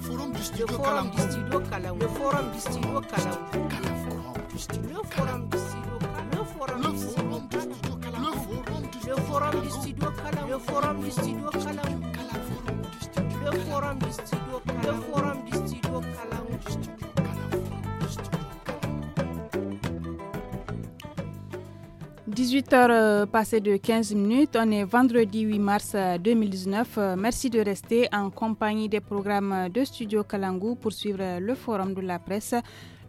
le forum du studio Calam. le forum du studio le forum du studio Calam. le forum du studio Calam. forum du le forum du le forum du forum du 18h euh, passées de 15 minutes, on est vendredi 8 mars 2019. Euh, euh, merci de rester en compagnie des programmes de Studio Kalangu pour suivre le forum de la presse,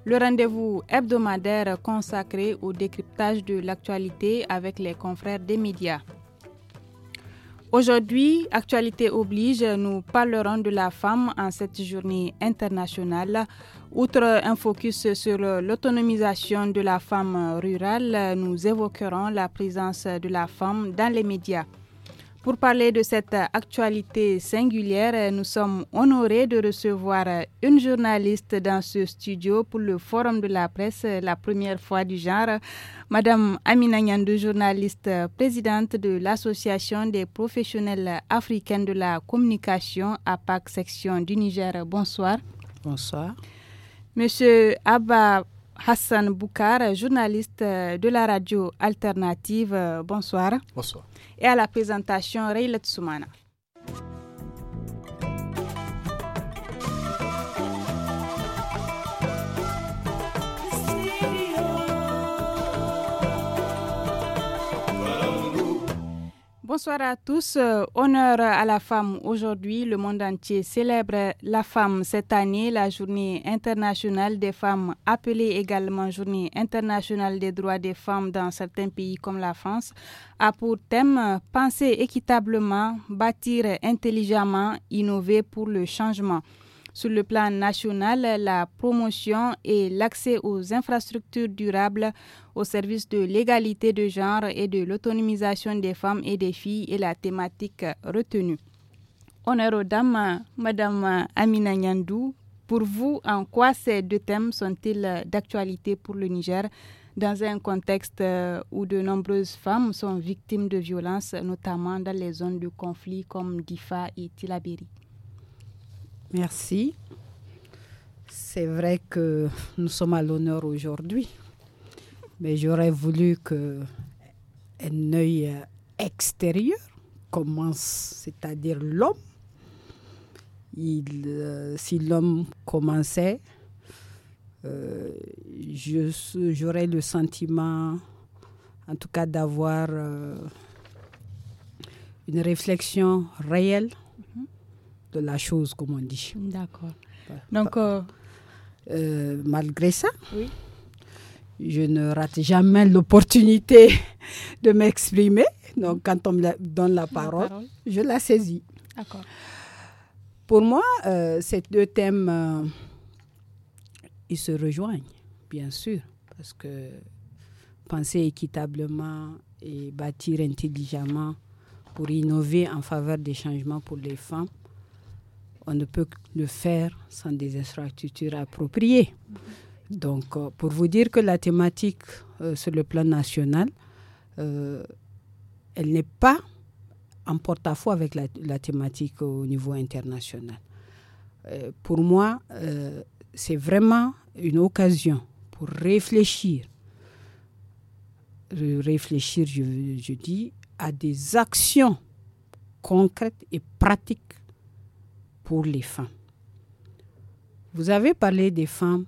le rendez-vous hebdomadaire consacré au décryptage de l'actualité avec les confrères des médias. Aujourd'hui, actualité oblige, nous parlerons de la femme en cette journée internationale. Outre un focus sur l'autonomisation de la femme rurale, nous évoquerons la présence de la femme dans les médias. Pour parler de cette actualité singulière, nous sommes honorés de recevoir une journaliste dans ce studio pour le Forum de la presse, la première fois du genre. Madame Amina Nyandou, journaliste présidente de l'Association des professionnels africains de la communication, APAC section du Niger. Bonsoir. Bonsoir. Monsieur Abba Hassan Boukar, journaliste euh, de la radio alternative. Euh, bonsoir. Bonsoir. Et à la présentation, Raylet Soumana. Bonsoir à tous. Euh, honneur à la femme. Aujourd'hui, le monde entier célèbre la femme cette année, la journée internationale des femmes, appelée également journée internationale des droits des femmes dans certains pays comme la France, a pour thème penser équitablement, bâtir intelligemment, innover pour le changement. Sur le plan national, la promotion et l'accès aux infrastructures durables au service de l'égalité de genre et de l'autonomisation des femmes et des filles est la thématique retenue. Honneur aux dames, Madame Amina Nyandou, pour vous, en quoi ces deux thèmes sont-ils d'actualité pour le Niger dans un contexte euh, où de nombreuses femmes sont victimes de violences, notamment dans les zones de conflit comme Difa et Tilaberi Merci. C'est vrai que nous sommes à l'honneur aujourd'hui, mais j'aurais voulu qu'un œil extérieur commence, c'est-à-dire l'homme. Euh, si l'homme commençait, euh, j'aurais le sentiment, en tout cas, d'avoir euh, une réflexion réelle de la chose, comme on dit. D'accord. Donc, euh, euh, malgré ça, je ne rate jamais l'opportunité de m'exprimer. Donc, quand on me donne la parole, je la saisis. D'accord. Pour moi, euh, ces deux thèmes, ils se rejoignent, bien sûr, parce que penser équitablement et bâtir intelligemment pour innover en faveur des changements pour les femmes, on ne peut le faire sans des infrastructures appropriées. Donc, euh, pour vous dire que la thématique euh, sur le plan national, euh, elle n'est pas en porte-à-faux avec la, thématique au niveau international. pour moi, c'est vraiment une occasion pour réfléchir, réfléchir, je dis, à des actions concrètes et pratiques pour les femmes. Vous avez parlé des femmes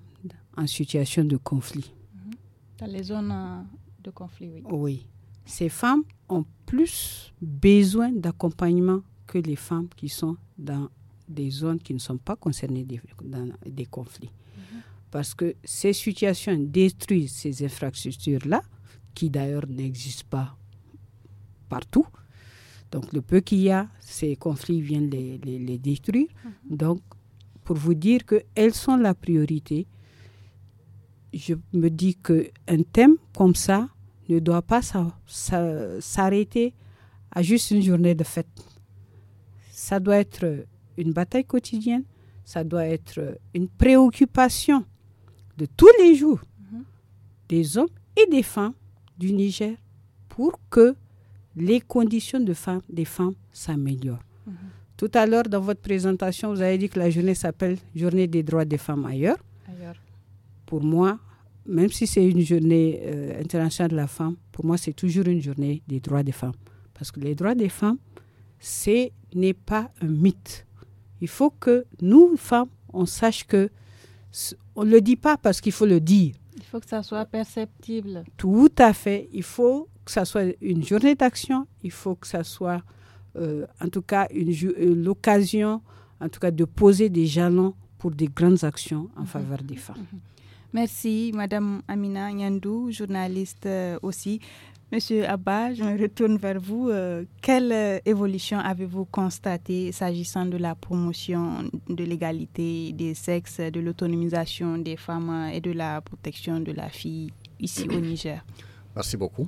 en situation de conflit. Mhm. Dans les zones euh, de conflit, oui. Ces femmes ont plus besoin d'accompagnement que les femmes qui sont dans des zones qui ne sont pas concernées des, dans des conflits. Mhm. Parce que ces situations détruisent ces infrastructures-là, qui d'ailleurs n'existent pas partout, donc le peu qu'il y a, ces conflits viennent les, détruire. Mhm. Donc pour vous dire qu'elles sont la priorité, je me dis qu'un thème comme ça ne doit pas s'arrêter à juste une journée de fête. Ça doit être une bataille quotidienne, ça doit être une préoccupation de tous les jours mhm. des hommes et des femmes du Niger pour que les conditions de femmes des femmes s'améliorent. Mhm. Tout à l'heure, dans votre présentation, vous avez dit que la journée s'appelle Journée des droits des femmes ailleurs. Pour moi, même si c'est une journée euh, internationale de la femme, pour moi, c'est toujours une journée des droits des femmes. Parce que les droits des femmes, ce n'est pas un mythe. Il faut que nous, femmes, on sache que... On ne le dit pas parce qu'il faut le dire. Il faut que ça soit perceptible. Tout à fait. Il faut que ça soit une journée d'action, il faut que ça soit euh, en tout cas euh, l'occasion, en tout cas de poser des jalons pour des grandes actions en mhm. faveur des femmes. Mhm. Merci, Madame Amina Nyandou, journaliste euh, aussi. Monsieur Abba, je me retourne vers vous. quelle évolution avez-vous constatée s'agissant de la promotion de l'égalité des sexes, de l'autonomisation des femmes et de la protection de la fille ici au Niger Merci beaucoup.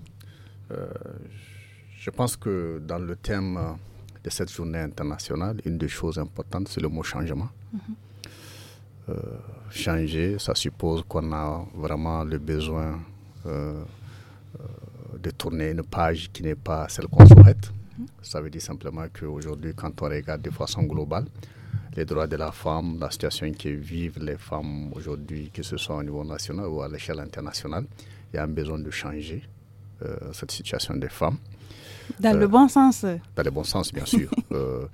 Euh, je pense que dans le thème euh, de cette journée internationale, une des choses importantes, c'est le mot changement. Mm-hmm. Euh, changer, ça suppose qu'on a vraiment le besoin de tourner une page qui n'est pas celle qu'on souhaite. Mm-hmm. Ça veut dire simplement qu'aujourd'hui, quand on regarde de façon globale, les droits de la femme, la situation que vivent les femmes aujourd'hui, que ce soit au niveau national ou à l'échelle internationale, il y a un besoin de changer euh, cette situation des femmes. Dans le euh, bon sens. Dans le bon sens, bien sûr. Euh,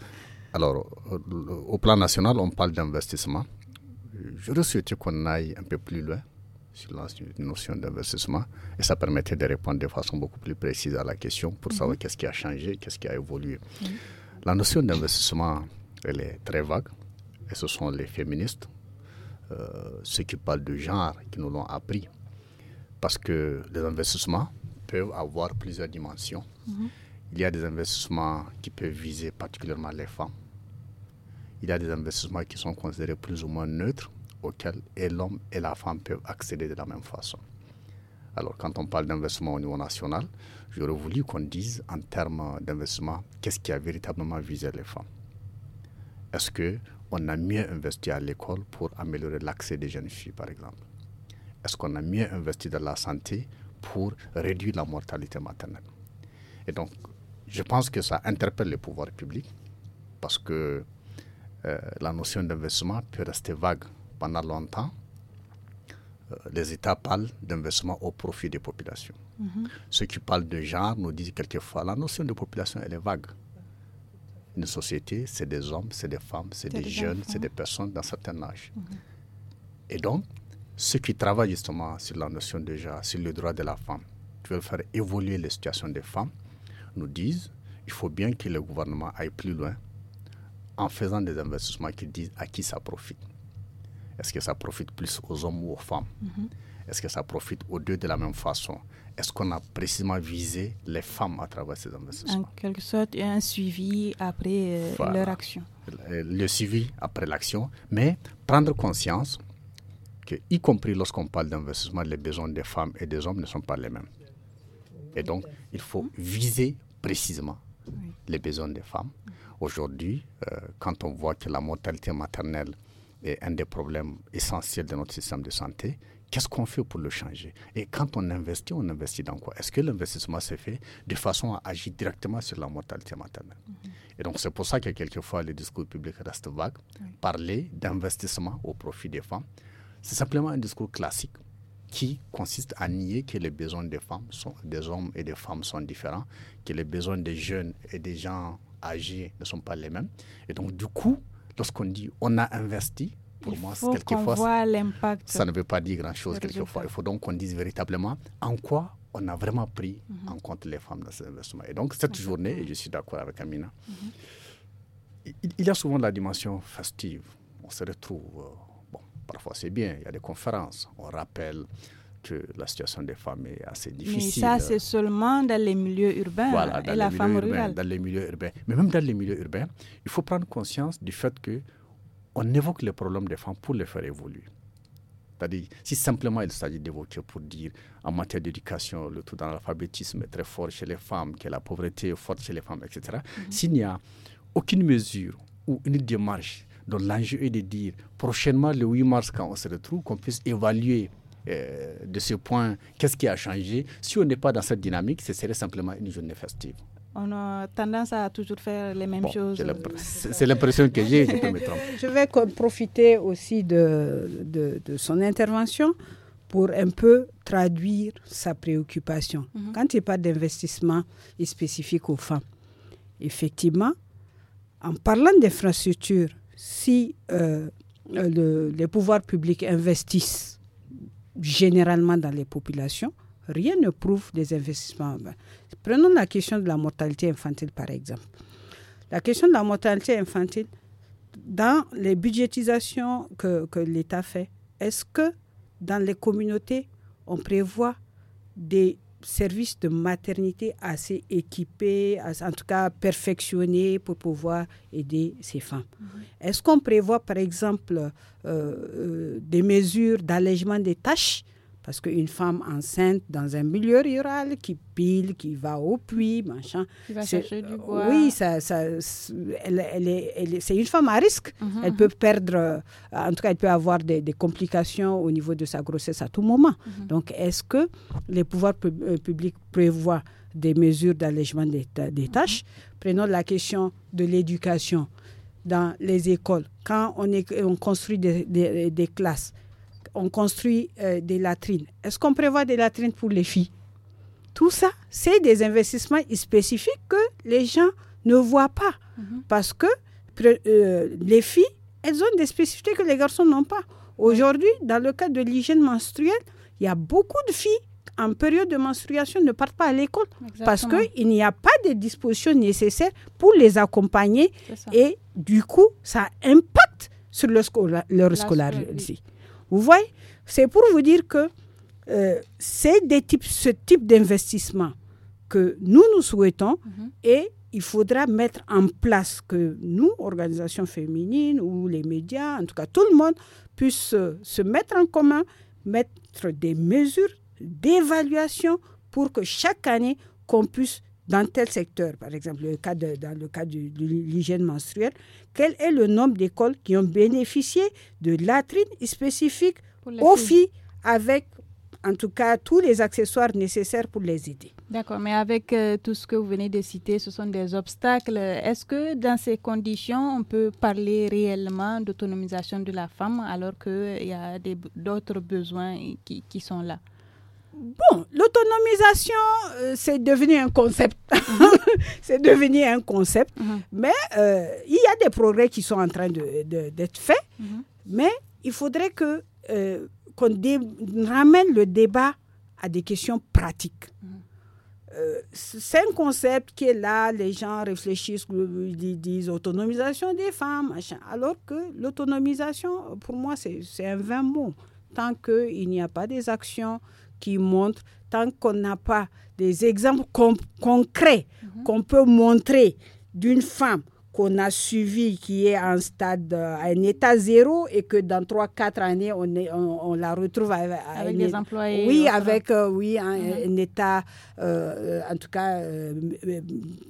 alors, au plan national, on parle d'investissement. J'aurais souhaité qu'on aille un peu plus loin sur la notion d'investissement et ça permettait de répondre de façon beaucoup plus précise à la question pour mhm. savoir qu'est-ce qui a changé, qu'est-ce qui a évolué. Mhm. La notion d'investissement, elle est très vague et ce sont les féministes, ceux qui parlent de genre, qui nous l'ont appris. Parce que les investissements, peuvent avoir plusieurs dimensions. Mhm. Il y a des investissements qui peuvent viser particulièrement les femmes. Il y a des investissements qui sont considérés plus ou moins neutres, auxquels l'homme et la femme peuvent accéder de la même façon. Alors, quand on parle d'investissement au niveau national, j'aurais voulu qu'on dise en termes d'investissement, qu'est-ce qui a véritablement visé les femmes Est-ce qu'on a mieux investi à l'école pour améliorer l'accès des jeunes filles, par exemple Est-ce qu'on a mieux investi dans la santé pour réduire la mortalité maternelle. Et donc, je pense que ça interpelle les pouvoirs publics parce que euh, la notion d'investissement peut rester vague pendant longtemps. Euh, les États parlent d'investissement au profit des populations. Mhm. Ceux qui parlent de genre nous disent quelquefois la notion de population, elle est vague. Une société, c'est des hommes, c'est des femmes, c'est des, jeunes, c'est des personnes d'un certain âge. Mhm. Et donc, ceux qui travaillent justement sur la notion déjà, sur le droit de la femme, qui veulent faire évoluer les situations des femmes, nous disent il faut bien que le gouvernement aille plus loin en faisant des investissements qui disent à qui ça profite. Est-ce que ça profite plus aux hommes ou aux femmes mm-hmm. Est-ce que ça profite aux deux de la même façon Est-ce qu'on a précisément visé les femmes à travers ces investissements En quelque sorte, un suivi après euh, leur action. Le suivi après l'action, mais prendre conscience y compris lorsqu'on parle d'investissement, les besoins des femmes et des hommes ne sont pas les mêmes. Et donc, il faut viser précisément les besoins des femmes. Aujourd'hui, euh, quand on voit que la mortalité maternelle est un des problèmes essentiels de notre système de santé, qu'est-ce qu'on fait pour le changer Et quand on investit, on investit dans quoi Est-ce que l'investissement s'est fait de façon à agir directement sur la mortalité maternelle mhm. Et donc c'est pour ça que quelquefois les discours publics restent vagues. Parler d'investissement au profit des femmes, c'est simplement un discours classique qui consiste à nier que les besoins des femmes sont, des hommes et des femmes sont différents, que les besoins des jeunes et des gens âgés ne sont pas les mêmes. Et donc, du coup, lorsqu'on dit on a investi, pour moi, faut quelquefois, ça ne veut pas dire grand-chose quelquefois. Il faut donc qu'on dise véritablement en quoi on a vraiment pris mhm. en compte les femmes dans ces investissements. Et donc, cette journée, et je suis d'accord avec Amina, mhm. il, y a souvent la dimension festive. On se retrouve euh, Parfois, c'est bien, il y a des conférences, on rappelle que la situation des femmes est assez difficile. Mais ça, c'est seulement dans les milieux urbains et la femme rurale. Dans les milieux urbains. Mais même dans les milieux urbains, il faut prendre conscience du fait que on évoque les problèmes des femmes pour les faire évoluer. C'est-à-dire, si simplement il s'agit d'évoquer pour dire en matière d'éducation, le tout dans l'alphabétisme est très fort chez les femmes, que la pauvreté est forte chez les femmes, etc. Mhm. S'il n'y a aucune mesure ou une démarche donc l'enjeu est de dire prochainement, le 8 mars, quand on se retrouve, qu'on puisse évaluer euh, de ce point qu'est-ce qui a changé. Si on n'est pas dans cette dynamique, ce serait simplement une journée festive. On a tendance à toujours faire les mêmes choses. C'est l'impression que j'ai, je me tromper. Je vais profiter aussi de, de, son intervention pour un peu traduire sa préoccupation. Mhm. Quand il parle d'investissement spécifique aux femmes, effectivement, en parlant d'infrastructures, si euh, les pouvoirs publics investissent généralement dans les populations, rien ne prouve des investissements ben, Prenons la question de la mortalité infantile, par exemple. La question de la mortalité infantile, dans les budgétisations que, que l'État fait, est-ce que dans les communautés, on prévoit des service de maternité assez équipé, en tout cas perfectionné pour pouvoir aider ces femmes. Mhm. Est-ce qu'on prévoit, par exemple, euh, euh, des mesures d'allègement des tâches parce qu'une femme enceinte dans un milieu rural qui pile, qui va au puits, machin. Qui va chercher du euh, bois. Oui, c'est une femme à risque. Mhm, elle peut mhm. perdre, euh, en tout cas, elle peut avoir des, complications au niveau de sa grossesse à tout moment. Mhm. Donc, est-ce que les pouvoirs euh, publics prévoient des mesures d'allègement des, tâches Prenons la question de l'éducation dans les écoles. Quand on, est, on construit des, des classes, on construit euh, des latrines. Est-ce qu'on prévoit des latrines pour les filles Tout ça, c'est des investissements spécifiques que les gens ne voient pas. Mhm. Parce que euh, les filles, elles ont des spécificités que les garçons n'ont pas. Aujourd'hui, dans le cas de l'hygiène menstruelle, il y a beaucoup de filles en période de menstruation ne partent pas à l'école parce qu'il n'y a pas de dispositions nécessaires pour les accompagner et du coup, ça impacte sur leur scolarité. Vous voyez C'est pour vous dire que euh, c'est types, ce type d'investissement que nous, nous souhaitons mhm. et il faudra mettre en place que nous, organisations féminines ou les médias, en tout cas tout le monde, puissent se mettre en commun, mettre des mesures d'évaluation pour que chaque année, qu'on puisse dans tel secteur, par exemple dans le cas de, l'hygiène menstruelle, quel est le nombre d'écoles qui ont bénéficié de latrines spécifiques aux filles. avec en tout cas tous les accessoires nécessaires pour les aider. D'accord, mais avec euh, tout ce que vous venez de citer, ce sont des obstacles. Est-ce que dans ces conditions, on peut parler réellement d'autonomisation de la femme alors qu'il y a d'autres besoins qui sont là Bon, l'autonomisation, euh, c'est devenu un concept. c'est devenu un concept. Mm-hmm. Mais euh, il y a des progrès qui sont en train d'être faits. Mm-hmm. Mais il faudrait que euh, qu'on ramène le débat à des questions pratiques. Mm-hmm. c'est un concept qui est là, les gens réfléchissent, ils disent autonomisation des femmes, machin. alors que l'autonomisation, pour moi, c'est un vain mot. Tant qu'il n'y a pas des actions qui montre, tant qu'on n'a pas des exemples concrets mhm. qu'on peut montrer d'une femme qu'on a suivie qui est en stade, euh, à un état zéro et que dans 3-4 années, on, on, la retrouve avec des employés. Oui, avec euh, oui, un, mhm. état, euh, en tout cas,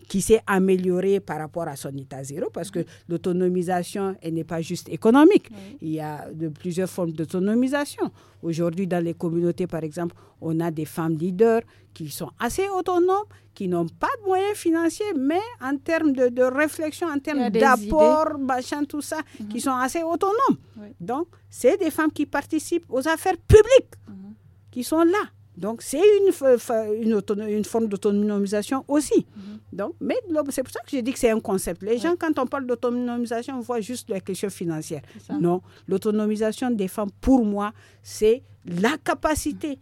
qui s'est amélioré par rapport à son état zéro parce que mhm. l'autonomisation, elle n'est pas juste économique. Il y a de plusieurs formes d'autonomisation Aujourd'hui, dans les communautés, par exemple, on a des femmes leaders qui sont assez autonomes, qui n'ont pas de moyens financiers, mais en termes de, réflexion, en termes d'apport, machin, tout ça, qui mhm. sont assez autonomes. Donc, c'est des femmes qui participent aux affaires publiques, mhm. qui sont là. Donc c'est une, une, forme d'autonomisation aussi. Mhm. Donc, mais c'est pour ça que j'ai dit que c'est un concept. Les gens, quand on parle d'autonomisation, on voit juste la question financière. Non, l'autonomisation des femmes, pour moi, c'est la capacité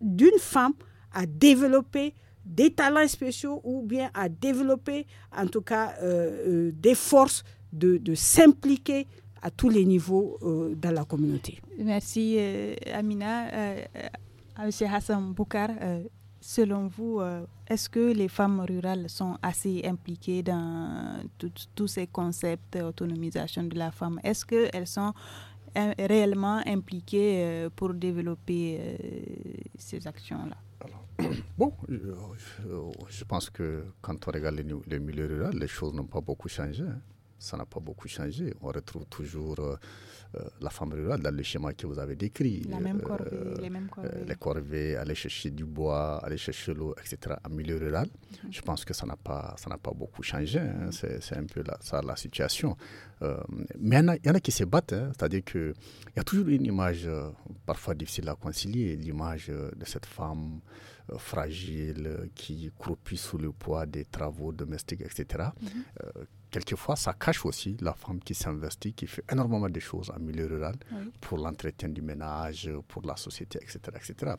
d'une femme à développer des talents spéciaux ou bien à développer, en tout cas, euh, euh, des forces de, s'impliquer à tous les niveaux euh, dans la communauté. Merci, Amina. Ah, Monsieur Hassan Boukar, euh, selon vous, euh, est-ce que les femmes rurales sont assez impliquées dans tous ces concepts d'autonomisation de la femme Est-ce qu'elles sont euh, réellement impliquées pour développer ces actions-là Bon, je, pense que quand on regarde les, milieux ruraux, les choses n'ont pas beaucoup changé. Hein ça n'a pas beaucoup changé. On retrouve toujours euh, euh, la femme rurale dans le schéma que vous avez décrit. Euh, les mêmes corvées. aller chercher du bois, aller chercher l'eau, etc. En milieu rural, mhm. je pense que ça n'a pas, ça n'a pas beaucoup changé. Hein. Mhm. C'est, un peu ça la situation. mais il y, en a qui se battent. Hein. C'est-à-dire qu'il y a toujours une image parfois difficile à concilier, l'image de cette femme fragile qui croupit sous le poids des travaux domestiques, etc quelquefois, ça cache aussi la femme qui s'investit, qui fait énormément de choses en milieu rural pour l'entretien du ménage, pour la société, etc., etc.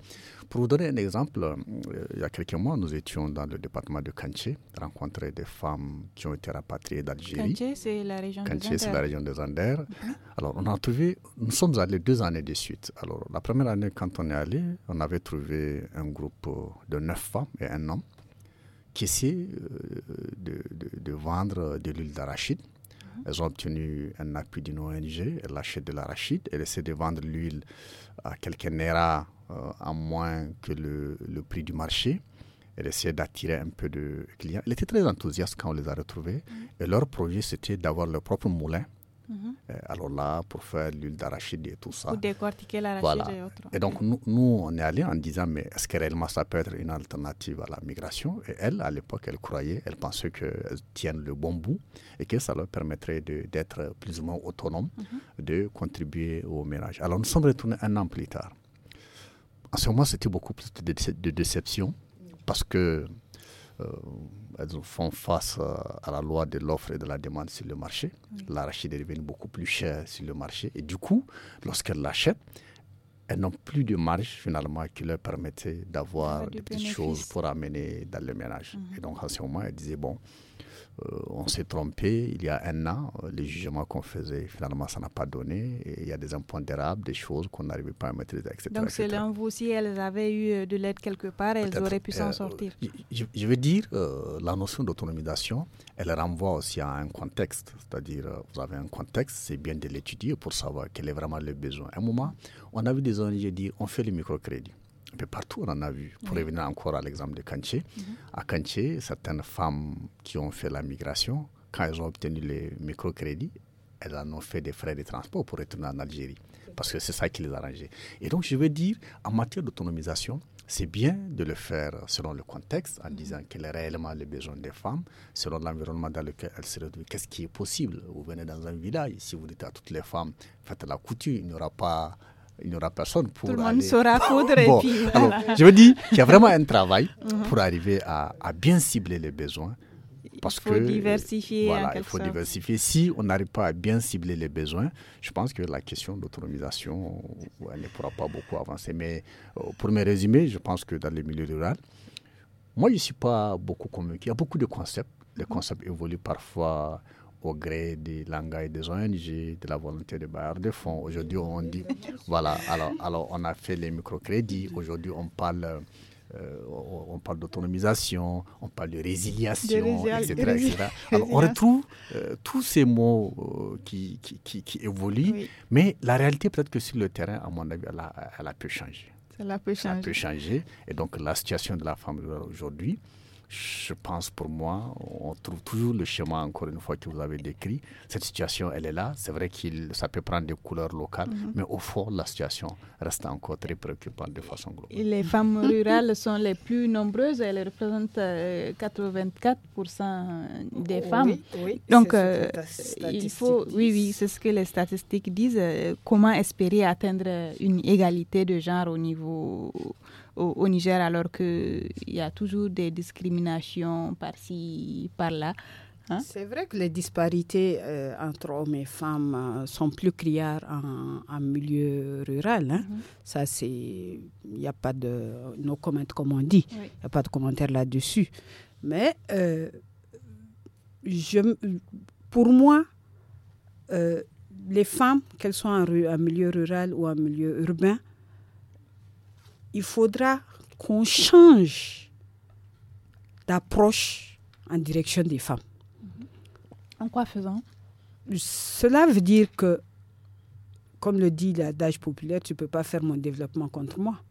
Pour vous donner un exemple, euh, il y a quelques mois, nous étions dans le département de Kanché, rencontrer des femmes qui ont été rapatriées d'Algérie. Kanché, c'est la région des Anders. la région mhm. Alors, on a trouvé, nous sommes allés deux années de suite. Alors, la première année, quand on est allé, on avait trouvé un groupe de neuf femmes et un homme qui euh, de, vendre de l'huile d'arachide. Mhm. Elles ont obtenu un appui d'une ONG, elles achètent de l'arachide, elles essaient de vendre l'huile à quelques nerfs euh, à moins que le, prix du marché. Elles essaient d'attirer un peu de clients. Elles étaient très enthousiastes quand on les a retrouvés. Mhm. Et leur projet, c'était d'avoir leur propre moulin Mhm. Euh, alors là, pour faire l'huile d'arachide et tout ça. Pour décortiquer l'arachide et autres. Et donc, nous, nous on est allés en disant, mais est-ce que réellement ça peut être une alternative à la migration Et elle, à l'époque, elle croyait, elle pensait qu'elle tienne le bon bout et que ça leur permettrait d'être plus ou moins autonome, mhm. de contribuer au ménage. Alors, nous sommes retournés un an plus tard. En ce moment, c'était beaucoup plus de, déception parce que. Euh, elles font face euh, à la loi de l'offre et de la demande sur le marché. L'arachide est beaucoup plus cher sur le marché. Et du coup, lorsqu'elles l'achètent, elles n'ont plus de marge finalement qui leur permettait d'avoir des petites choses pour amener dans le ménage. Mhm. Et donc à ce moment, elles disaient, bon, euh, on s'est trompé il y a un an. Euh, les jugements qu'on faisait, finalement, ça n'a pas donné. il y a des impondérables, des choses qu'on n'arrivait pas à maîtriser, etc. Donc, selon vous, si elles avaient eu euh, de l'aide quelque part, elles auraient pu s'en sortir je, veux dire, la notion d'autonomisation, elle renvoie aussi à un contexte. C'est-à-dire, vous avez un contexte, c'est bien de l'étudier pour savoir quel est vraiment le besoin. À un moment, on a vu des ONG dire on fait le microcrédit. Un peu partout, on en a vu. Pour revenir encore à l'exemple de Kanché, mhm. à Kanché, certaines femmes qui ont fait la migration, quand elles ont obtenu les microcrédits, elles en ont fait des frais de transport pour retourner en Algérie, parce que c'est ça qui les arrangeait. Et donc, je veux dire, en matière d'autonomisation, c'est bien de le faire selon le contexte, en mhm. disant quel est réellement le besoin des femmes, selon l'environnement dans lequel elles se retrouvent, qu'est-ce qui est possible. Vous venez dans un village, si vous dites à toutes les femmes, faites la couture, il n'y aura pas il n'y aura personne pour. Tout le monde saura coudre. et je veux dire qu'il y a vraiment un travail mhm. pour arriver à, bien cibler les besoins. Parce il faut que, diversifier. Voilà, il faut diversifier. Si on n'arrive pas à bien cibler les besoins, je pense que la question d'autonomisation, elle ne pourra pas beaucoup avancer. Mais euh, pour me résumer, je pense que dans les milieux rural, moi, je ne suis pas beaucoup convaincu. Il y a beaucoup de concepts. Les mhm. concepts évoluent parfois au gré langues et des ONG, de la volonté des bailleurs de fonds. Aujourd'hui, on dit, voilà, alors, alors on a fait les microcrédits, aujourd'hui on parle... Euh, on parle d'autonomisation, on parle de résiliation, etc., on retrouve euh, tous ces mots euh, qui, qui, qui, évoluent, mais la réalité, peut-être que sur le terrain, à mon avis, elle a, elle a pu changer. Elle a changer. changer. Et donc, la situation de la femme aujourd'hui, je pense pour moi, on trouve toujours le chemin, encore une fois, que vous avez décrit. Cette situation, elle est là. C'est vrai que ça peut prendre des couleurs locales, mhm. mais au fond, la situation reste encore très préoccupante de façon globale. les femmes rurales sont les plus nombreuses. Elles représentent 84% euh, des femmes. Donc, euh, il faut, oui, oui, c'est ce que les statistiques disent. Euh, comment espérer atteindre une égalité de genre au niveau au, Niger alors qu'il y a toujours des discriminations par-ci, par-là. Hein? C'est vrai que les disparités euh, entre hommes et femmes euh, sont plus criards en, milieu rural. Hein. Mm-hmm. Ça, c'est. Il n'y a pas de. Nos commentaires, comme on dit. Il a pas de commentaire là-dessus. Mais euh, je, pour moi, les femmes, qu'elles soient en, milieu rural ou en milieu urbain, il faudra qu'on change d'approche en direction des femmes. En quoi faisant Cela veut dire que, comme le dit l'adage populaire, tu ne peux pas faire mon développement contre moi.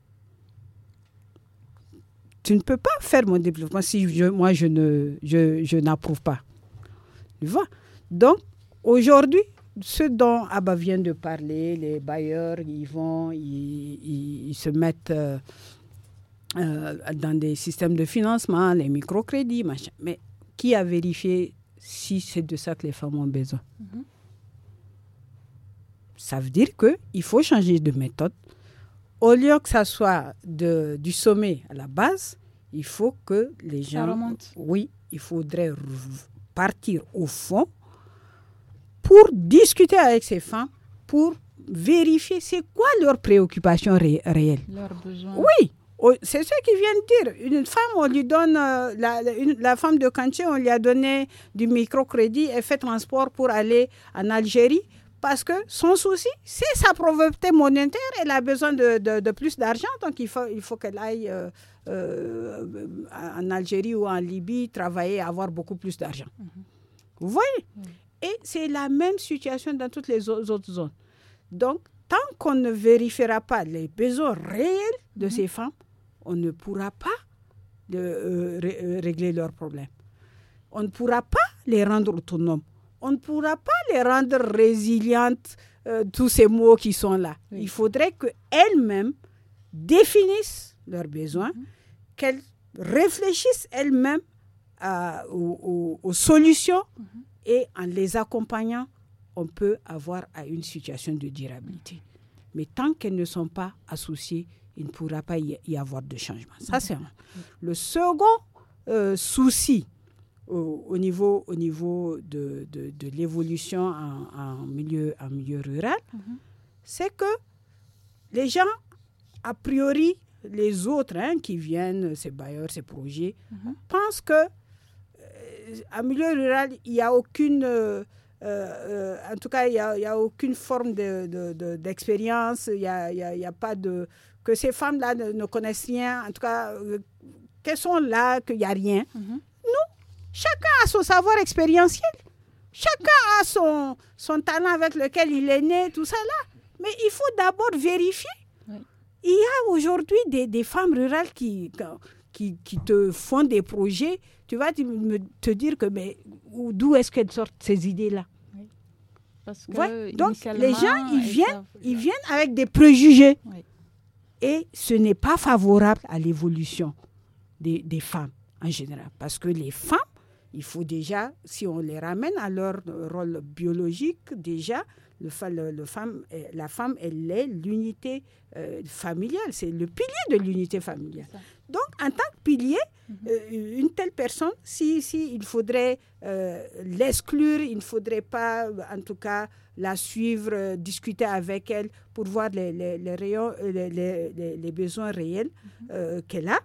Tu ne peux pas faire mon développement si moi je ne je, je n'approuve pas. Tu vois Donc aujourd'hui, ce dont Abba vient de parler, les bailleurs, ils vont, ils, ils, se mettent euh, euh, dans des systèmes de financement, les microcrédits, machin. Mais qui a vérifié si c'est de ça que les femmes ont besoin mhm. Ça veut dire qu'il faut changer de méthode. Au lieu que ça soit de, du sommet à la base, il faut que les ça gens... Remonte. Oui, il faudrait partir au fond pour discuter avec ces femmes, pour vérifier c'est quoi leurs préoccupations réelle. réelles. Leurs besoins. Oui, oh, c'est ce qu'ils viennent dire. Une femme, on lui donne, euh, la, femme de Kanché, on lui a donné du microcrédit et fait transport pour aller en Algérie. Parce que son souci, c'est sa pauvreté monétaire. Elle a besoin de, plus d'argent, donc il faut, il faut qu'elle aille euh, euh, en Algérie ou en Libye travailler, avoir beaucoup plus d'argent. Mhm. Vous voyez et c'est la même situation dans toutes les autres zones. Donc, tant qu'on ne vérifiera pas les besoins réels de mhm. ces femmes, on ne pourra pas de, euh, euh, régler leurs problèmes. On ne pourra pas les rendre autonomes. On ne pourra pas les rendre résilientes, euh, tous ces mots qui sont là. Il faudrait qu'elles-mêmes définissent leurs besoins, mhm. qu'elles réfléchissent elles-mêmes aux, solutions mhm. Et en les accompagnant, on peut avoir à une situation de durabilité. Mais tant qu'elles ne sont pas associées, il ne pourra pas y avoir de changement. Ça, c'est Le second euh, souci au, niveau, au niveau de, de, l'évolution en, milieu, en milieu rural, mm-hmm. c'est que les gens, a priori, les autres hein, qui viennent, ces bailleurs, ces projets, mm-hmm. pensent que en milieu rural, il n'y a aucune. Euh, euh, euh, en tout cas, il n'y a, aucune forme d'expérience, de, il n'y a, y a, pas de. que ces femmes-là ne, connaissent rien, en tout cas, qu'elles sont là, qu'il n'y a rien. Mhm. Nous, chacun a son savoir expérientiel, chacun a son, son talent avec lequel il est né, tout ça là. Mais il faut d'abord vérifier. Il y a aujourd'hui des, des, femmes rurales qui qui, te font des projets, tu vas te, te dire que mais d'où est-ce qu'elles sortent ces idées-là Donc les gens, ils viennent, ils viennent avec des préjugés. Et ce n'est pas favorable à l'évolution des, femmes en général. Parce que les femmes, il faut déjà, si on les ramène à leur euh, rôle biologique, déjà, le, femme, euh, la femme, elle est l'unité euh, familiale. C'est le pilier de l'unité familiale. Donc, en tant que pilier, mhm. euh, une telle personne, si, si il faudrait euh, l'exclure, il ne faudrait pas, en tout cas, la suivre, euh, discuter avec elle pour voir les, rayons, les, besoins réels mhm. qu'elle a.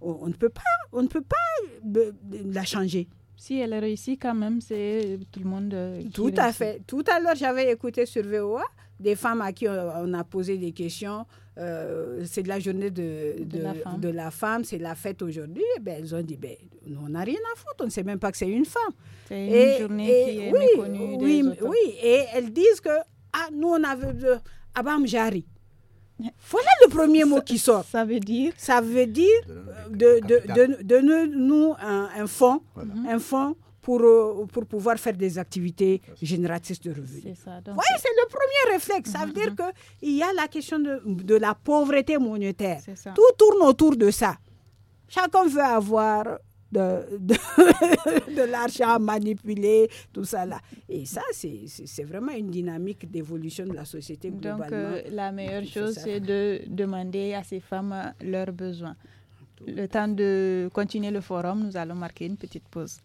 on ne peut pas, on ne peut pas la changer si elle réussit quand même, c'est tout le monde. Euh, qui tout à fait. Tout à l'heure, j'avais écouté sur VOA des femmes à qui on a posé des questions. Euh, c'est de la journée de, de, de la femme, c'est la fête aujourd'hui. Eh ben, elles ont dit, ben, nous, on n'a rien à foutre, on ne sait même pas que c'est une femme. C'est une journée qui est oui, méconnue oui, oui, oui, et elles disent que, ah, nous, on avait de Abam ah, ben, Jari. Voilà le premier mot qui sort. Ça, veut dire Ça veut dire de, euh, de, nous un, euh, un fonds, mhm. un pour, euh, pour pouvoir faire des activités génératrices de revenus. Oui, c'est le premier réflexe. Ça veut mhm, dire mhm. qu'il y a la question de, de la pauvreté monétaire. Tout tourne autour de ça. Chacun veut avoir de, de, à manipuler tout ça là. Et ça, c'est vraiment une dynamique d'évolution de la société globalement. Donc, euh, la meilleure chose, c'est de demander à ces femmes euh, leurs besoins. Le temps de continuer le forum, nous allons marquer une petite pause.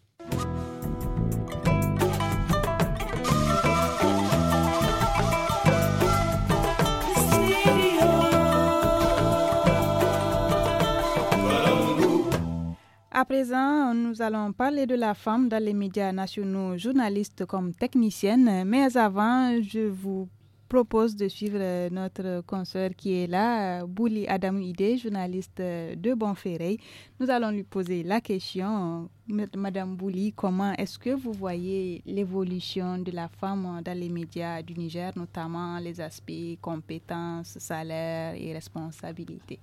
À présent, nous allons parler de la femme dans les médias nationaux, journaliste comme technicienne. Mais avant, je vous propose de suivre notre consoeur qui est là, Bouli Adamouide, journaliste de Bonferré. Nous allons lui poser la question. Madame Bouli, comment est-ce que vous voyez l'évolution de la femme dans les médias du Niger, notamment les aspects compétences, salaire et responsabilités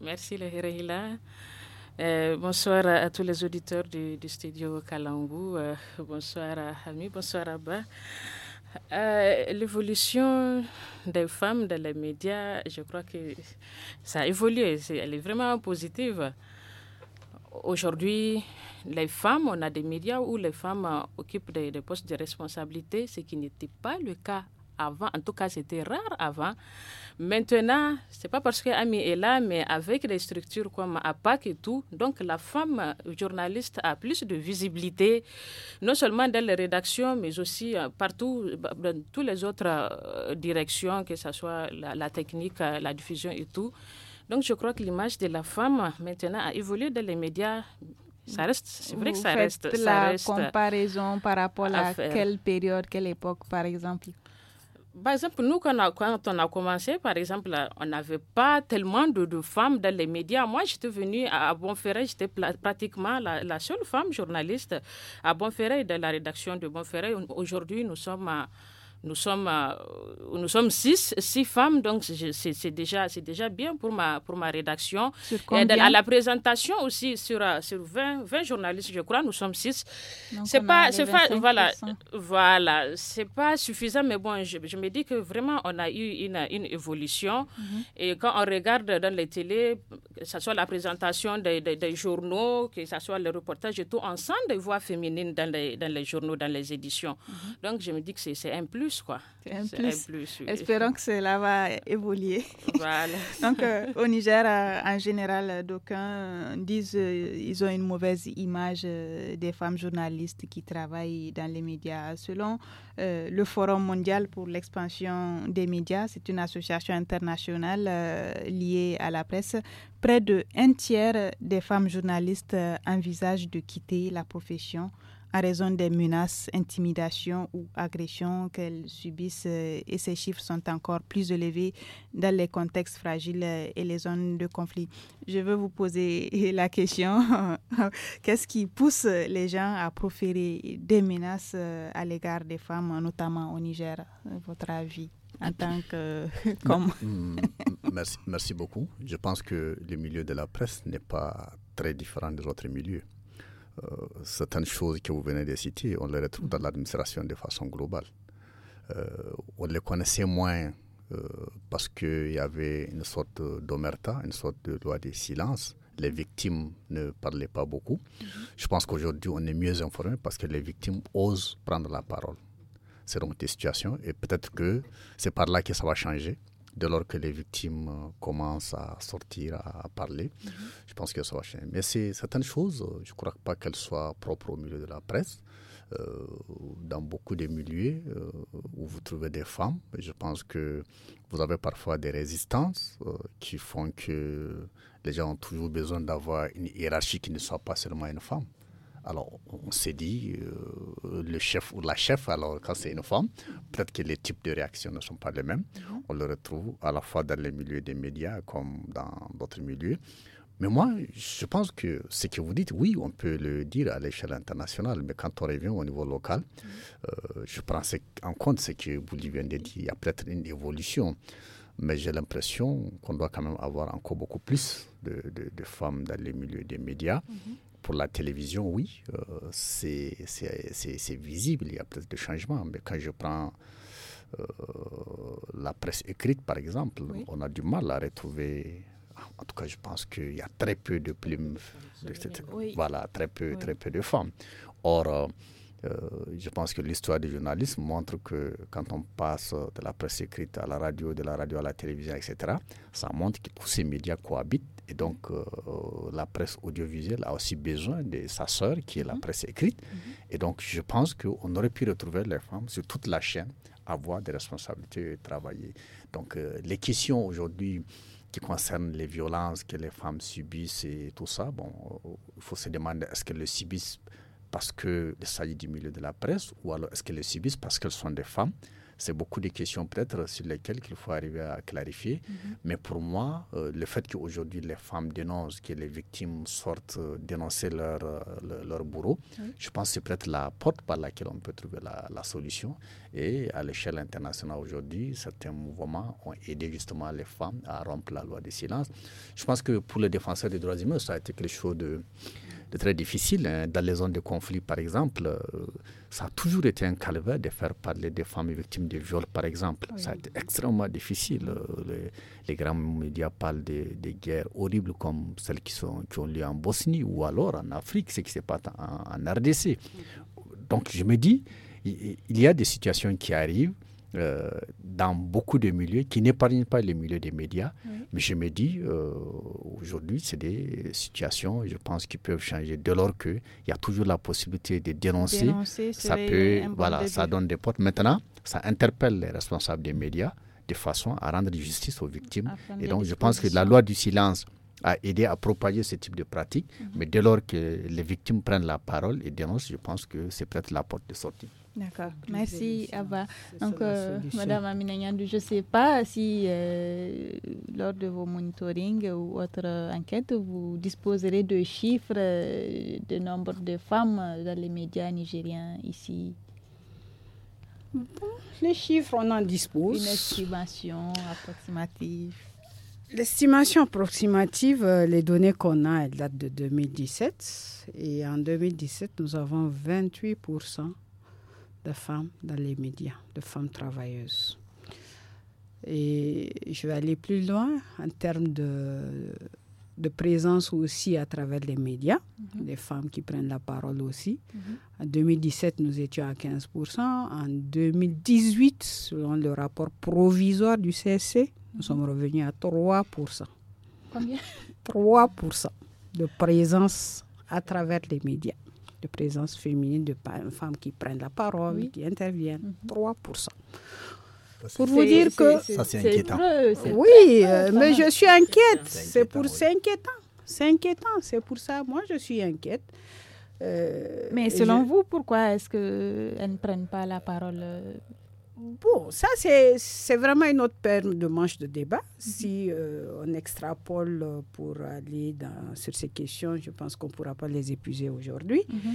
Merci, le Hirehila. Euh, bonsoir à, tous les auditeurs du, studio Kalangou. Euh, bonsoir à Ami, bonsoir à euh, L'évolution des femmes dans les médias, je crois que ça a évolué. elle est vraiment positive. Aujourd'hui, les femmes, on a des médias où les femmes occupent des postes de responsabilité, ce qui n'était pas le cas avant. En tout cas, c'était rare avant. Maintenant, c'est pas parce que est là, mais avec des structures comme APAC et tout, donc la femme journaliste a plus de visibilité, non seulement dans les rédactions, mais aussi euh, partout, dans toutes les autres euh, directions, que ce soit la, technique, euh, la diffusion et tout. Donc je crois que l'image de la femme maintenant a évolué dans les médias. Ça reste, c'est vrai Vous que ça reste. la comparaison par rapport à, à quelle période, quelle époque, par exemple par exemple, nous, quand on, a, commencé, par exemple, on n'avait pas tellement de, femmes dans les médias. Moi, j'étais venue à, Bonferré, j'étais pratiquement la, seule femme journaliste à Bonferré, de la rédaction de Bonferré. Aujourd'hui, nous sommes à nous sommes, euh, nous sommes six, six femmes, donc c'est déjà, déjà bien pour ma, pour ma rédaction. Et à la présentation aussi, sur, euh, sur 20, journalistes, je crois, nous sommes six. C'est pas, pas, voilà, voilà, c'est pas suffisant, mais bon, je, me dis que vraiment, on a eu une, une évolution. Mhm. Et quand on regarde dans les télés, que ce soit la présentation des, des, journaux, que ce soit le reportages tout, ensemble, des voix féminines dans les, dans les journaux, dans les éditions. Mhm. Donc, je me dis que c'est un plus. Espérons que cela va évoluer. Donc, euh, au Niger, euh, en général, d'aucuns euh, disent qu'ils ils ont une mauvaise image des femmes journalistes qui travaillent dans les médias. Selon le Forum mondial pour l'expansion des médias, c'est une association internationale liée à la presse. Près de un tiers des femmes journalistes envisagent de quitter la profession à raison des menaces, intimidations ou agressions qu'elles subissent euh, et ces chiffres sont encore plus élevés dans les contextes fragiles euh, et les zones de conflit. Je veux vous poser la question, qu'est-ce qui pousse les gens à proférer des menaces euh, à l'égard des femmes, notamment au Niger, votre avis en tant que... Comme... merci, merci beaucoup. Je pense que le milieu de la presse n'est pas très différent des autres milieux. Euh, certaines choses que vous venez de citer, on les retrouve dans l'administration de façon globale. Euh, on les connaissait moins euh, parce qu'il y avait une sorte d'omerta, une sorte de loi de silence. Les victimes ne parlaient pas beaucoup. Mhm. Je pense qu'aujourd'hui, on est mieux informé parce que les victimes osent prendre la parole. C'est donc des situations et peut-être que c'est par là que ça va changer dès lors que les victimes euh, commencent à sortir, à, parler, mhm. je pense que ça va changer. Mais c'est certaines choses, euh, je ne crois pas qu'elles soient propres au milieu de la presse. Euh, dans beaucoup de milieux où vous trouvez des femmes, je pense que vous avez parfois des résistances qui font que les gens ont toujours besoin d'avoir une hiérarchie qui ne soit pas seulement une femme. Alors, on s'est dit, euh, le chef ou la chef, alors quand c'est une femme, peut-être que les types de réactions ne sont pas les mêmes. Mhm. On le retrouve à la fois dans les milieux des médias comme dans d'autres milieux. Mais moi, je pense que ce que vous dites, oui, on peut le dire à l'échelle internationale, mais quand on revient au niveau local, mhm. euh, je prends en compte ce que vous venez de dire. Il y a peut-être une évolution, mais j'ai l'impression qu'on doit quand même avoir encore beaucoup plus de, femmes dans les milieux des médias. Mhm pour la télévision, oui, euh, c'est visible, il y a peut-être des changements, mais quand je prends euh, la presse écrite, par exemple, on a du mal à retrouver. Ah, en tout cas, je pense qu'il y a très peu de plumes, de, voilà, très peu, très peu de femmes. Or, euh, je pense que l'histoire du journalisme montre que quand on passe de la presse écrite à la radio, de la radio à la télévision, etc., ça montre que tous ces médias cohabitent et donc, euh, la presse audiovisuelle a aussi besoin de sa sœur, qui est la mhm. presse écrite. Mhm. Et donc, je pense qu'on aurait pu retrouver les femmes sur toute la chaîne, avoir des responsabilités et travailler. Donc, euh, les questions aujourd'hui qui concernent les violences que les femmes subissent et tout ça, bon, euh, il faut se demander est-ce qu'elles le subissent parce qu'elles est du milieu de la presse ou alors est-ce qu'elles le subissent parce qu'elles sont des femmes c'est beaucoup de questions peut-être sur lesquelles qu'il faut arriver à clarifier. Mhm. Mais pour moi, euh, le fait qu'aujourd'hui les femmes dénoncent, que les victimes sortent euh, dénoncer leur, euh, leur, bourreau, je pense que c'est peut-être la porte par laquelle on peut trouver la, la solution. Et à l'échelle internationale aujourd'hui, certains mouvements ont aidé justement les femmes à rompre la loi du silence. Je pense que pour les défenseurs des droits humains, ça a été quelque chose de... C'est très difficile. Hein. Dans les zones de conflit, par exemple, euh, ça a toujours été un calvaire de faire parler des femmes victimes de viol, par exemple. Ça a été extrêmement difficile. Euh, les, grands médias parlent des, guerres horribles comme celles qui, sont, qui ont lieu en Bosnie ou alors en Afrique, ce qui se passe en, en RDC. Donc je me dis, il y a des situations qui arrivent euh, dans beaucoup de milieux qui n'épargnent pas les milieux des médias. Mais je me dis, euh, aujourd'hui, c'est des situations, je pense, qui peuvent changer dès lors qu'il y a toujours la possibilité de dénoncer. ça peut, voilà, ça donne des portes. Maintenant, ça interpelle les responsables des médias de façon à rendre justice aux victimes. Et donc, je pense que la loi du silence à aider à propager ce type de pratique. Mhm. Mais dès lors que les victimes prennent la parole et dénoncent, je pense que c'est peut-être la porte de sortie. D'accord. Merci, Abba. Donc, Mme Madame je ne sais pas si euh, lors de vos monitorings ou autres enquêtes, vous disposerez de chiffres euh, de nombre de femmes dans les médias nigériens ici. Les chiffres, on en dispose. Une estimation approximative. L'estimation approximative, euh, les données qu'on a, elles datent de 2017. Et en 2017, nous avons 28% de femmes dans les médias, de femmes travailleuses. Et je vais aller plus loin en termes de, de présence aussi à travers les médias, mhm. des femmes qui prennent la parole aussi. Mhm. En 2017, nous étions à 15%. En 2018, selon le rapport provisoire du CSC, nous mhm. sommes revenus à 3%. Combien 3% de présence à travers les médias, de présence féminine de femmes qui prennent la parole, qui interviennent. 3%. Pour vous dire que... Ça, c'est inquiétant. oui, euh, mais je suis inquiète. C'est pour... inquiétant. C'est inquiétant. C'est pour ça, moi, je suis inquiète. Euh, mais selon vous, pourquoi est-ce qu'elles ne prennent pas la parole euh? Bon, ça, c'est vraiment une autre paire de manches de débat. Mm-hmm. Si on extrapole pour aller dans, sur ces questions, je pense qu'on ne pourra pas les épuiser aujourd'hui. Mm-hmm.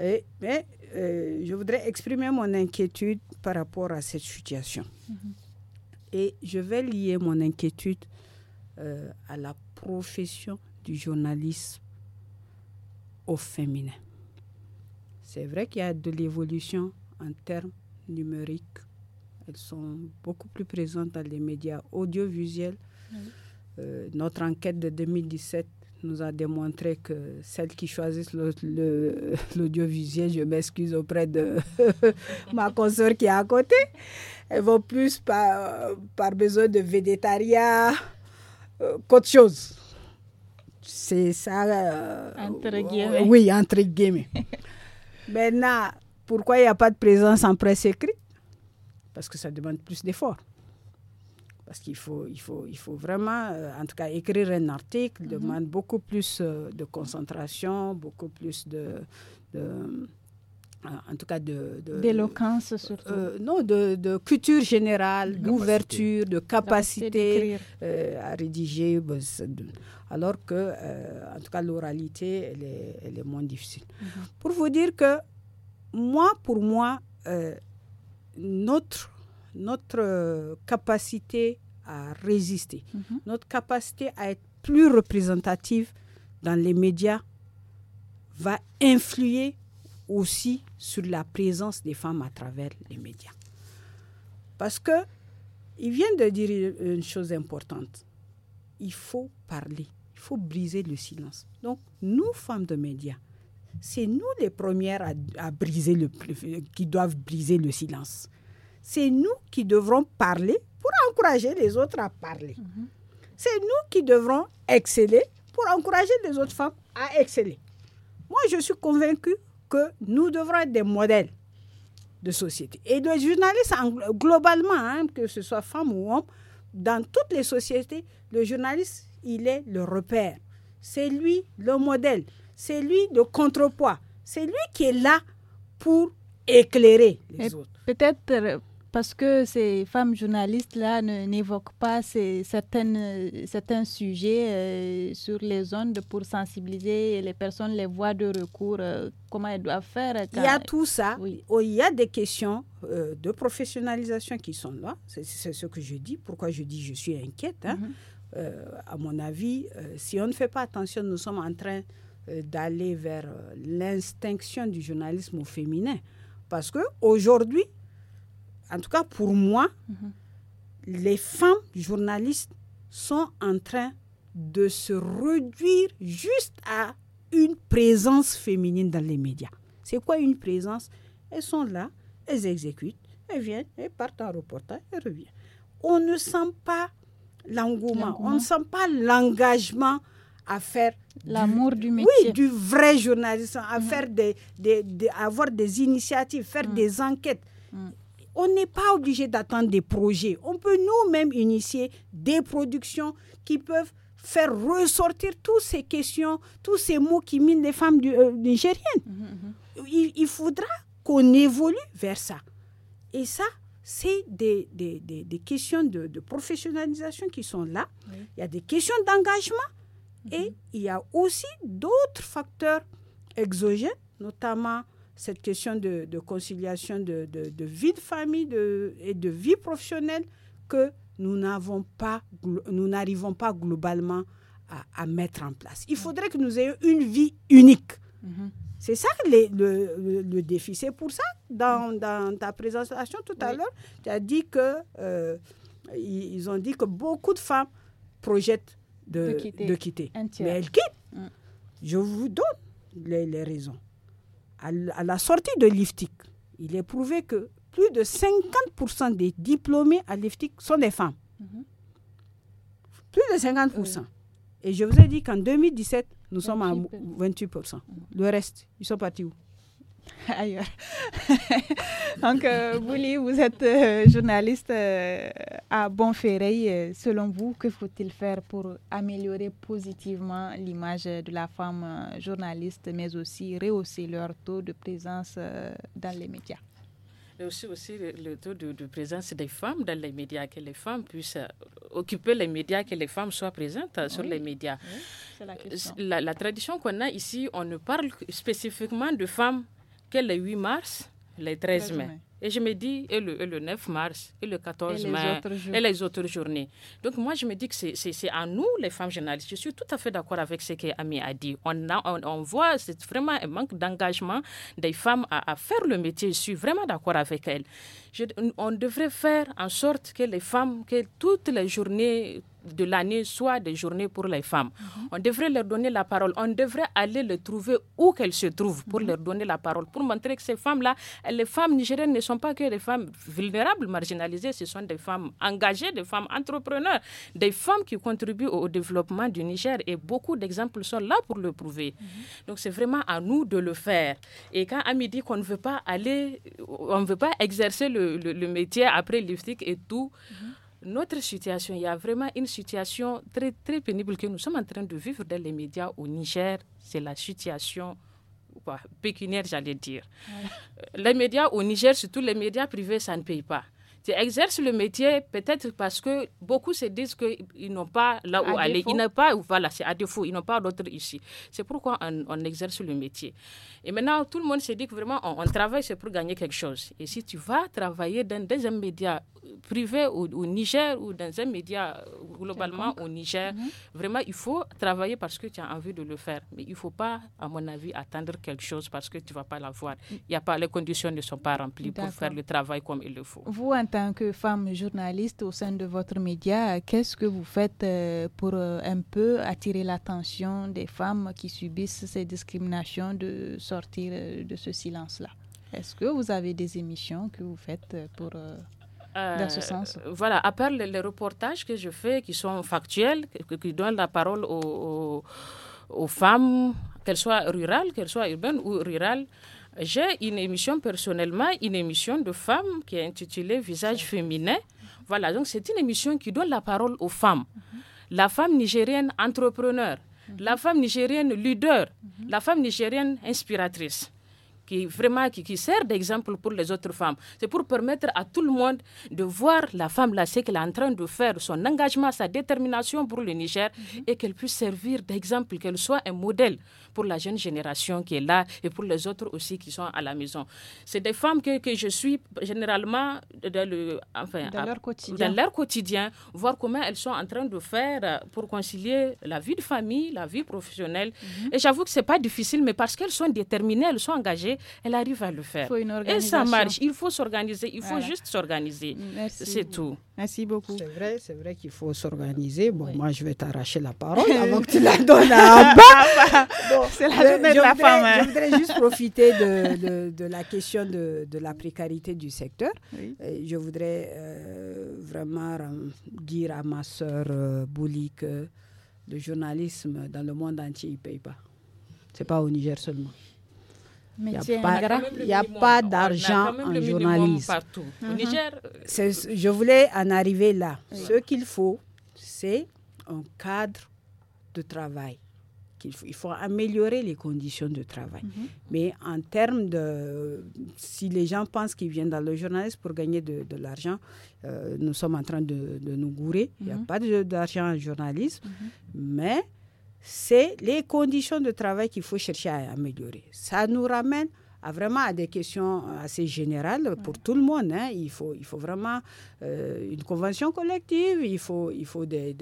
Eh, mais euh, je voudrais exprimer mon inquiétude par rapport à cette situation. Mhm. Et je vais lier mon inquiétude euh, à la profession du journalisme au féminin. C'est vrai qu'il y a de l'évolution en termes numériques. Elles sont beaucoup plus présentes dans les médias audiovisuels. Euh, notre enquête de 2017 nous a démontré que celles qui choisissent l'audiovisuel, je m'excuse auprès de ma consoeur qui est à côté, elles vont plus par, par besoin de végétariat euh, qu'autre chose. C'est ça. Euh, entre guillemets. Oui, entre guillemets. Maintenant, pourquoi il n'y a pas de présence en presse écrite Parce que ça demande plus d'efforts parce qu'il faut, il faut, il faut vraiment, euh, en tout cas, écrire un article mhm. demande beaucoup plus euh, de concentration, beaucoup plus de, euh, en tout cas, de... D'éloquence surtout. non, de, de, culture générale, d'ouverture, de capacité à rédiger. Ben, alors que, en tout cas, l'oralité, elle est, elle moins difficile. Mhm. Pour vous dire que, moi, pour moi, notre notre euh, capacité à résister, mm-hmm. notre capacité à être plus représentative dans les médias va influer aussi sur la présence des femmes à travers les médias. Parce que il vient de dire une chose importante. Il faut parler, il faut briser le silence. Donc nous femmes de médias, c'est nous les premières briser qui doivent briser le silence c'est nous qui devrons parler pour encourager les autres à parler. C'est nous qui devrons exceller pour encourager les autres femmes à exceller. Moi, je suis convaincue que nous devrons être des modèles de société. Et les journalistes, globalement, hein, que ce soit femme ou homme, dans toutes les sociétés, le journaliste, il est le repère. C'est lui le modèle. C'est lui le contrepoids. C'est lui qui est là pour éclairer les autres. Peut-être euh, parce que ces femmes journalistes-là n'évoquent pas ces, certaines, certains sujets euh, sur les ondes pour sensibiliser les personnes, les voies de recours, euh, comment elles doivent faire. Euh, il y a tout ça. Oui. Oh, il y a des questions de professionnalisation qui sont là. C'est ce que je dis. Pourquoi je dis je suis inquiète. Hein? Mhm. à mon avis, si on ne fait pas attention, nous sommes en train d'aller vers l'instinction du journalisme féminin. Parce qu'aujourd'hui, en tout cas pour moi, mhm. les femmes journalistes sont en train de se réduire juste à une présence féminine dans les médias. C'est quoi une présence Elles sont là, elles exécutent, elles viennent, elles partent en reportage, elles reviennent. On ne sent pas l'engouement, on ne sent pas l'engagement à faire l'amour du, métier. Oui, du vrai journaliste, à mhm. faire des, avoir des initiatives, faire mhm. des enquêtes on n'est pas obligé d'attendre des projets. On peut nous-mêmes initier des productions qui peuvent faire ressortir toutes ces questions, tous ces mots qui minent les femmes euh, nigériennes. Mmh, mmh. Il, faudra qu'on évolue vers ça. Et ça, c'est des, des, des, questions de, professionnalisation qui sont là. Il y a des questions d'engagement mmh. et il y a aussi d'autres facteurs exogènes, notamment cette question de, conciliation de, vie de famille et de vie professionnelle que nous n'avons pas, n'arrivons pas globalement à, mettre en place. Il faudrait que nous ayons une vie unique. Mhm. C'est ça le, défi. C'est pour ça, dans, ta présentation tout à l'heure, tu as dit que euh, ils, ont dit que beaucoup de femmes projettent de, quitter. Mais elles quittent. Mm. Je vous donne les raisons à la sortie de l'IFTIC, il est prouvé que plus de 50% des diplômés à l'IFTIC sont des femmes. Mm-hmm. Plus de 50%. Et je vous ai dit qu'en 2017, nous sommes à 28%. Le reste, ils sont partis où ailleurs. Donc, euh, Bouli, vous êtes euh, journaliste euh, à Bonferré. Selon vous, que faut-il faire pour améliorer positivement l'image de la femme journaliste, mais aussi rehausser leur taux de présence dans les médias aussi, aussi le taux de, présence des femmes dans les médias, que les femmes puissent occuper les médias, que les femmes soient présentes sur les médias. La, la tradition qu'on a ici, on ne parle spécifiquement de femmes que le 8 mars, le 13 mai. Et je me dis, et le, 9 mars, et le 14 mai, et les autres journées. Donc moi, je me dis que c'est à nous, les femmes journalistes. Je suis tout à fait d'accord avec ce que Ami a dit. On, a, on, voit, c'est vraiment un manque d'engagement des femmes à, faire le métier. Je suis vraiment d'accord avec elle. on devrait faire en sorte que les femmes, que toutes les journées, de l'année, soit des journées pour les femmes. Mhm. On devrait leur donner la parole. On devrait aller les trouver où qu'elles se trouvent pour mhm. leur donner la parole, pour montrer que ces femmes-là, les femmes nigériennes ne sont pas que des femmes vulnérables, marginalisées, ce sont des femmes engagées, des femmes entrepreneurs, des femmes qui contribuent au développement du Niger. Et beaucoup d'exemples sont là pour le prouver. Mhm. Donc c'est vraiment à nous de le faire. Et quand Ami dit qu'on ne veut pas aller, on ne veut pas exercer le, métier après lifting et tout notre situation, il y a vraiment une situation très, très pénible que nous sommes en train de vivre dans les médias au Niger. C'est la situation pécuniaire, j'allais dire. Euh, les médias au Niger, surtout les médias privés, ça ne paye pas. Exerce le métier peut-être parce que beaucoup se disent qu'ils n'ont pas là où aller. Ils n'ont pas, voilà, c'est à défaut, ils n'ont pas d'autre ici. C'est pourquoi on, exerce le métier. Et maintenant, tout le monde se dit que vraiment, on, travaille, c'est pour gagner quelque chose. Et si tu vas travailler dans un média privé au, au, Niger ou dans un média euh, globalement au Niger, mhm. vraiment, il faut travailler parce que tu as envie de le faire. Mais il ne faut pas, à mon avis, attendre quelque chose parce que tu ne vas pas l'avoir. Mm. Il a pas, les conditions ne sont pas remplies pour faire le travail comme il le faut. Vous tant que femme journaliste au sein de votre média, qu'est-ce que vous faites euh, pour euh, un peu attirer l'attention des femmes qui subissent ces discriminations de sortir euh, de ce silence-là Est-ce que vous avez des émissions que vous faites pour... dans ce sens. Voilà, à part les, reportages que je fais qui sont factuels, qui, donnent la parole aux, aux femmes, qu'elles soient rurales, qu'elles soient urbaines ou rurales, j'ai une émission personnellement, une émission de femmes qui est intitulée Visage féminin. Voilà, donc c'est une émission qui donne la parole aux femmes. La femme nigérienne entrepreneur, la femme nigérienne leader, la femme nigérienne inspiratrice qui vraiment qui, sert d'exemple pour les autres femmes. C'est pour permettre à tout le monde de voir la femme là, ce qu'elle est en train de faire, son engagement, sa détermination pour le Niger mhm. et qu'elle puisse servir d'exemple, qu'elle soit un modèle pour la jeune génération qui est là et pour les autres aussi qui sont à la maison. C'est des femmes que, je suis généralement dans, le, enfin, dans, leur quotidien. dans leur quotidien, voir comment elles sont en train de faire euh, pour concilier la vie de famille, la vie professionnelle. Mhm. Et j'avoue que ce n'est pas difficile, mais parce qu'elles sont déterminées, elles sont engagées, elle arrive à le faire. Et ça marche. Il faut s'organiser. Il faut juste s'organiser. C'est tout. Merci beaucoup. C'est vrai, c'est vrai qu'il faut s'organiser. Bon, moi, je vais t'arracher la parole avant que tu la donnes à Abba. bon, c'est la journée de la femme. Hein. Je voudrais juste profiter de, de, la question de, de, la précarité du secteur. Je voudrais euh, vraiment dire à ma sœur euh, Bouli que le journalisme dans le monde entier, il ne paye pas. Ce n'est pas au Niger seulement. Il n'y a pas, d'argent en journalisme. Mhm. je voulais en arriver là. Ce qu'il faut, c'est un cadre de travail. Il faut, améliorer les conditions de travail. Mhm. Mais en termes de... Si les gens pensent qu'ils viennent dans le journalisme pour gagner de, l'argent, euh, nous sommes en train de, nous gourer. Il n'y a mhm. pas d'argent en journalisme, mais c'est les conditions de travail qu'il faut chercher à améliorer. Ça nous ramène à vraiment à des questions assez générales pour tout le monde. Hein. Il, faut, il faut vraiment euh, une convention collective, il faut, il faut des,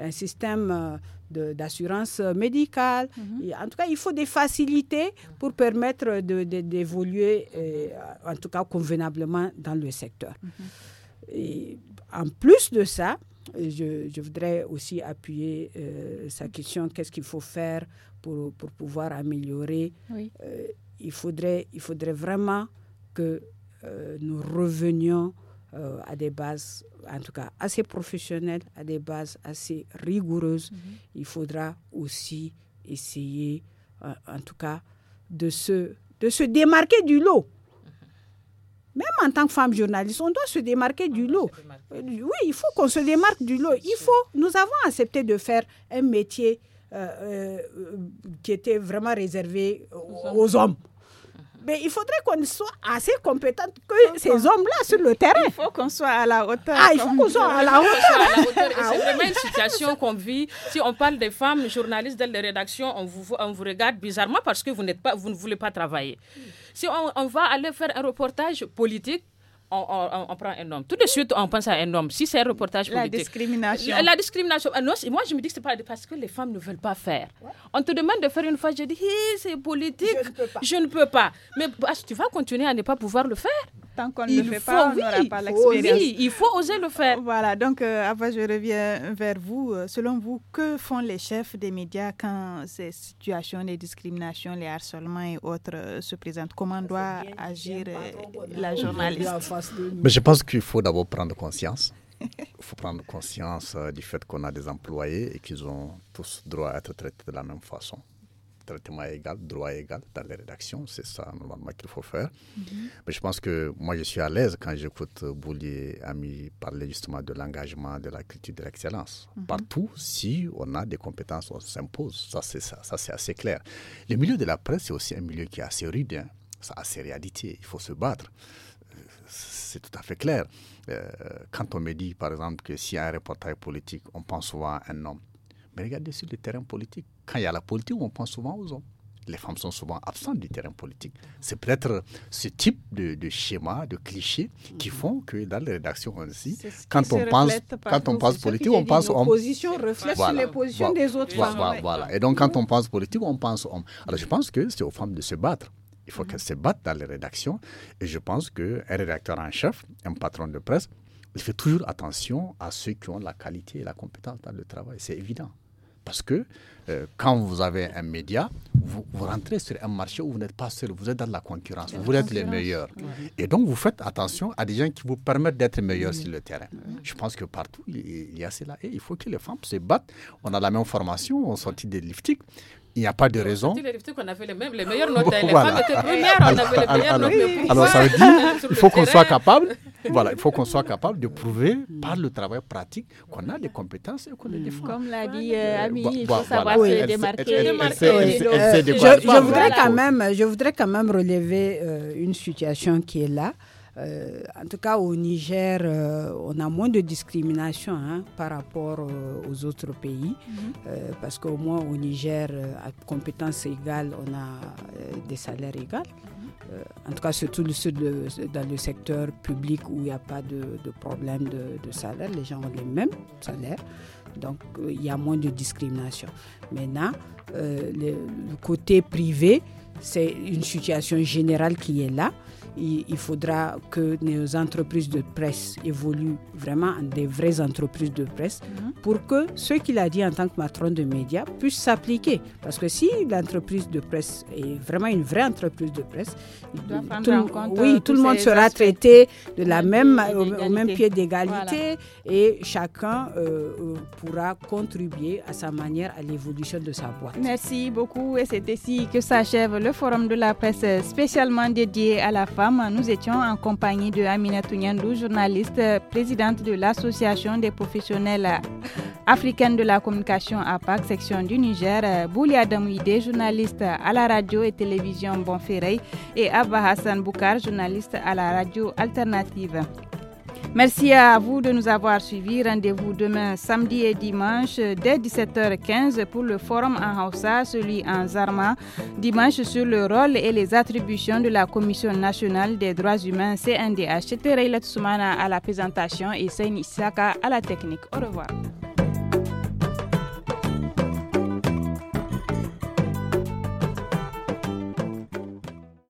un système euh, d'assurance médicale. Mm-hmm. En tout cas, il faut des facilités pour permettre d'évoluer, de, euh, en tout cas convenablement dans le secteur. Mm-hmm. Et en plus de ça, je, voudrais aussi appuyer euh, sa question, qu'est-ce qu'il faut faire pour, pour pouvoir améliorer euh, il, faudrait, il faudrait vraiment que euh, nous revenions à des bases, en tout cas assez professionnelles, à des bases assez rigoureuses. Mhm. Il faudra aussi essayer, en tout cas, de se, de se démarquer du lot. Même en tant que femme journaliste, on doit se démarquer du lot. Euh, oui, il faut qu'on se démarque du lot. Il faut, nous avons accepté de faire un métier euh, euh, qui était vraiment réservé aux hommes. Mais il faudrait qu'on soit assez compétente que ces hommes-là sur le terrain. Il faut qu'on soit à la hauteur. Ah, il faut qu'on soit à la hauteur. Ah c'est vraiment une situation qu'on vit. Si on parle des femmes journalistes dans les rédactions, on vous, on vous regarde bizarrement parce que vous, pas, vous ne voulez pas travailler. Si on, va aller faire un reportage politique, on, prend un homme. Tout de suite, on pense à un homme. Si c'est un reportage politique. La discrimination. La, ah, discrimination. Non, moi, je me dis que c'est pas parce que les femmes ne veulent pas faire. On te demande de faire une fois, je dis, c'est politique. Je ne, peux pas. Mais tu vas continuer à ne pas pouvoir le faire tant qu'on ne le fait pas, on n'aura pas l'expérience. il faut oser le faire. Voilà, donc euh, avant, je reviens vers vous. Euh, selon vous, que font les chefs des médias quand ces situations de discrimination, les harcèlements et autres euh, se présentent Comment doit agir la journaliste Je pense qu'il faut d'abord prendre conscience. Il faut prendre conscience du fait qu'on a des employés et qu'ils ont tous droit à être traités de la même façon traitement égal, droit égal dans les rédactions. C'est ça normalement qu'il faut faire. Mhm. Mais je pense que moi, je suis à l'aise quand j'écoute Boulier Ami parler justement de l'engagement, de la critique de l'excellence. Mhm. Partout, si on a des compétences, on s'impose. Ça, c'est ça, ça c'est assez clair. Le milieu de la presse, c'est aussi un milieu qui est assez rude. Hein. Ça a ses réalités. Il faut se battre euh, c'est tout à fait clair. Euh, quand on me dit, par exemple, que si un reportage politique, on pense souvent à un homme. Mais regardez sur le terrain politique. Quand il y a la politique, on pense souvent aux hommes. Les femmes sont souvent absentes du terrain politique. C'est peut-être ce type de, schéma, de clichés qui mhm. font que dans les rédactions aussi, quand on, pense, quand on pense politique, on pense homme. hommes. les positions des autres femmes. Et donc quand on pense politique, on pense hommes. Alors je pense que c'est aux femmes de se battre. Il faut mhm. qu'elles se battent dans les rédactions. Et je pense qu'un rédacteur en chef, un patron de presse, il fait toujours attention à ceux qui ont la qualité et la compétence dans le travail. C'est évident. Parce que euh, quand vous avez un média, vous, rentrez sur un marché où vous n'êtes pas seul, vous êtes dans la concurrence, vous êtes les meilleurs. Et donc, vous faites attention à des gens qui vous permettent d'être meilleurs mm. sur le terrain. Mm. Je pense que partout, il y a cela. Et il faut que les femmes se battent. On a la même formation, on sortit des liftiques il n'y a pas de raison. qu'on avait les, mêmes, les notes. Hein. on avait les alors, notes. Alors, ça veut dire il faut qu'on soit capable, voilà, il faut qu'on soit capable de prouver par le travail pratique qu'on a des compétences et qu'on est Comme l'a dit euh, Ami, il faut savoir se démarquer. Je voudrais quand même, je voudrais quand même relever euh, une situation qui est là. Euh, en tout cas, au Niger, euh, on a moins de discrimination hein, par rapport euh, aux autres pays, mhm. parce qu'au moins au Niger, à compétences égales, on a des salaires égaux. en tout cas, surtout dans le secteur public où il n'y a pas de, problème de, salaire, les gens ont les mêmes salaires. Donc, il y a moins de discrimination. Maintenant, le, côté privé, c'est une situation générale qui est là. Il, faudra que nos entreprises de presse évoluent vraiment en des vraies entreprises de presse mhm. pour que ce qu'il a dit en tant que patron de médias puisse s'appliquer. Parce que si l'entreprise de presse est vraiment une vraie entreprise de presse, tout, oui, euh, tout le monde sera traité de la même, euh, au, même pied d'égalité et chacun euh, pourra contribuer à sa manière à l'évolution de sa boîte. Merci beaucoup et c'est ici que s'achève le forum de la presse spécialement dédié à la femme, nous étions en compagnie de Amina Touniandou, journaliste, présidente de l'Association des professionnels africains de la communication APAC, section du Niger, Bouli Adamouide, journaliste à la radio et télévision Bonferrey, et Abba Hassan Boukar, journaliste à la radio alternative. Merci à vous de nous avoir suivis. Rendez-vous demain samedi et dimanche dès 17h15 pour le forum en Hausa, celui en Zarma, dimanche sur le rôle et les attributions de la Commission nationale des droits humains CNDH. C'était Soumana à la présentation et Saka à la technique. Au revoir.